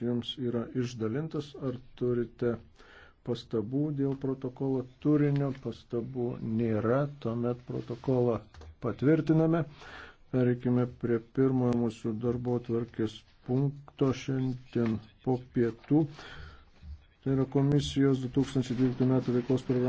jums yra išdalintas, ar turite pastabų dėl protokolo turinio, pastabų nėra, tuomet protokolą patvirtiname. Pereikime prie pirmojo mūsų darbo tvarkės punkto šiandien po pietų. Tai yra komisijos 2012 m. veiklos programos.